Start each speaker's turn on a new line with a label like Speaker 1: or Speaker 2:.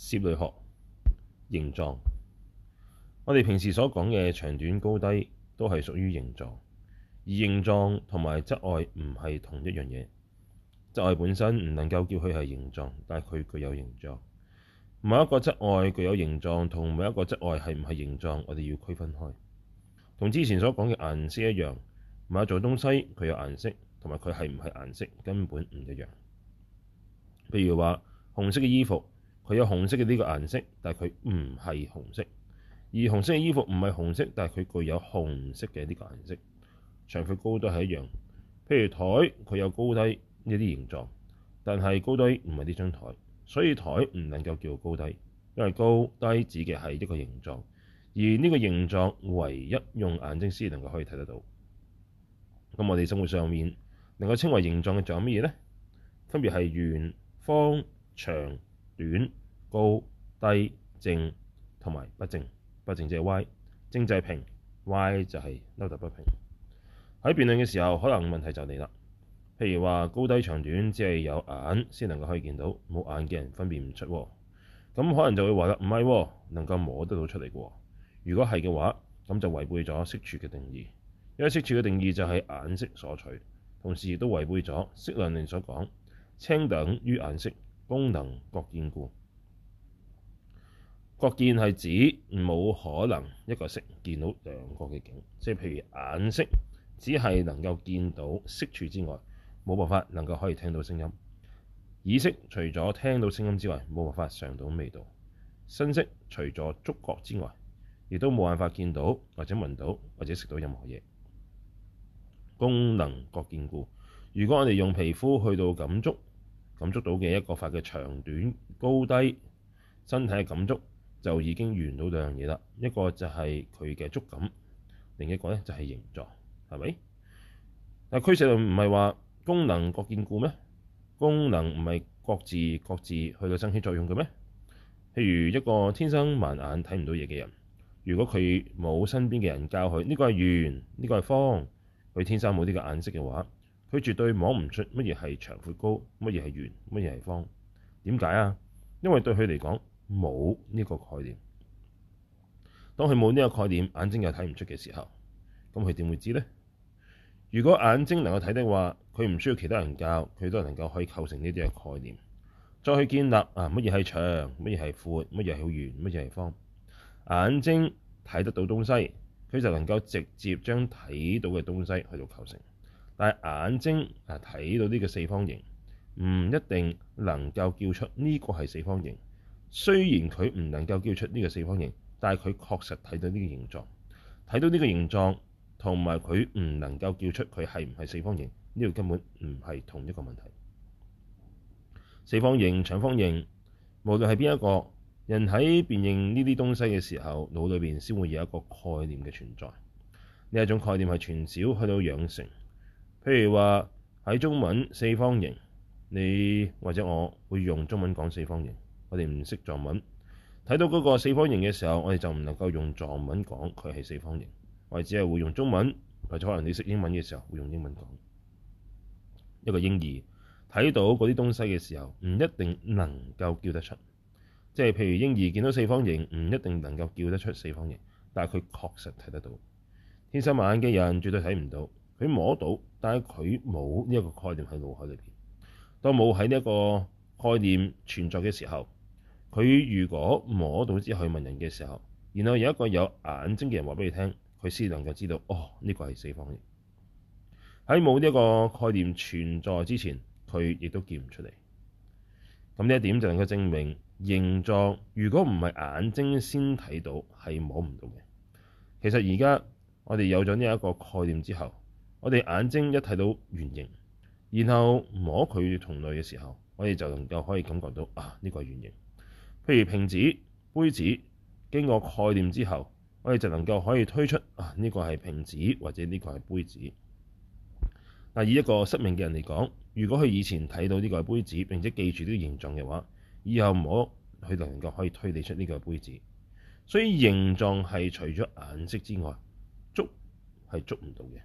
Speaker 1: 攝類學形狀，我哋平時所講嘅長短高低都係屬於形狀。而形狀同埋質礙唔係同一樣嘢。質礙本身唔能夠叫佢係形狀，但係佢具有形狀。某一個質礙具有形狀，同某一個質礙係唔係形狀，我哋要區分開。同之前所講嘅顏色一樣，某一樣東西佢有顏色，同埋佢係唔係顏色根本唔一樣。譬如話紅色嘅衣服，佢有紅色嘅呢個顏色，但係佢唔係紅色。而紅色嘅衣服唔係紅色，但係佢具有紅色嘅呢個顏色。長闊高都係一樣。譬如台，佢有高低呢啲形狀，但係高低唔係呢張台，所以台唔能夠叫高低，因為高低指嘅係一個形狀。而呢個形狀唯一用眼睛先能夠可以睇得到。咁我哋生活上面能夠稱為形狀嘅仲有乜嘢咧？分別係圓、方、長、短。高低正同埋不正，不正即係歪。正即係平，歪就係凹凸不平。喺辯論嘅時候，可能問題就嚟啦。譬如話高低、長短，只係有眼先能夠可以見到，冇眼嘅人分辨唔出，哦。咁、嗯、可能就會話啦，唔係喎，能夠摸得到出嚟嘅喎。如果係嘅話，咁就違背咗色處嘅定義，因為色處嘅定義就係眼識所取，同時亦都違背咗釋量論所講青等於眼識，功能各見故。各見係指冇可能一個識見到兩個嘅境，即係譬如眼識只係能夠見到色處之外，冇辦法能夠可以聽到聲音；耳識除咗聽到聲音之外，冇辦法嚐到味道；身識除咗觸覺之外，亦都冇辦法見到或者聞到或者食到任何嘢。功能各見故，如果我哋用皮膚去到感觸，感觸到嘅一個法嘅長短高低，身體嘅感觸，就已經緣到兩樣嘢啦，一個就係佢嘅觸感，另一個咧就係形狀，係咪？但釋量論唔係話功能各見故咩？功能唔係各自各自去到生起作用嘅咩？譬如一個天生盲眼睇唔到嘢嘅人，如果佢冇身邊嘅人教佢呢、這個係圓，呢、這個係方，佢天生冇呢個眼識嘅話，佢絕對摸唔出乜嘢係長闊高，乜嘢係圓，乜嘢係方。點解啊？因為對佢嚟講。冇呢個概念。當佢冇呢個概念，眼睛又睇唔出嘅時候，咁佢點會知呢？如果眼睛能夠睇的話，佢唔需要其他人教，佢都能夠可以構成呢啲嘅概念，再去建立啊乜嘢係長，乜嘢係闊，乜嘢係圓，乜嘢係方。眼睛睇得到東西，佢就能夠直接將睇到嘅東西去到構成。但係眼睛啊睇到呢個四方形，唔一定能夠叫出呢個係四方形。雖然佢唔能夠叫出呢個四方形，但係佢確實睇到呢個形狀，睇到呢個形狀同埋佢唔能夠叫出佢係唔係四方形，呢個根本唔係同一個問題。四方形、長方形，無論係邊一個人喺辨認呢啲東西嘅時候，腦裏邊先會有一個概念嘅存在。呢一種概念係從小去到養成，譬如話喺中文四方形，你或者我會用中文講四方形。我哋唔識藏文，睇到嗰個四方形嘅時候，我哋就唔能夠用藏文講佢係四方形。我哋只係會用中文，或者可能你識英文嘅時候會用英文講。一個嬰兒睇到嗰啲東西嘅時候，唔一定能夠叫得出，即係譬如嬰兒見到四方形，唔一定能夠叫得出四方形，但係佢確實睇得到。天生盲眼嘅人絕對睇唔到，佢摸到，但係佢冇呢一個概念喺腦海裏邊。當冇喺呢一個概念存在嘅時候，佢如果摸到支去文人嘅時候，然後有一個有眼睛嘅人話俾你聽，佢先能夠知道哦，呢個係四方形。喺冇呢一個概念存在之前，佢亦都見唔出嚟。咁呢一點就能夠證明形狀如果唔係眼睛先睇到，係摸唔到嘅。其實而家我哋有咗呢一個概念之後，我哋眼睛一睇到圓形，然後摸佢同類嘅時候，我哋就能夠可以感覺到啊，呢個係圓形。譬如瓶子、杯子，經過概念之後，我哋就能夠可以推出啊，呢個係瓶子或者呢個係杯子。嗱，以一個失明嘅人嚟講，如果佢以前睇到呢個係杯子並且記住呢個形狀嘅話，以後唔好佢能夠可以推理出呢個係杯子。所以形狀係除咗顏色之外，捉係捉唔到嘅。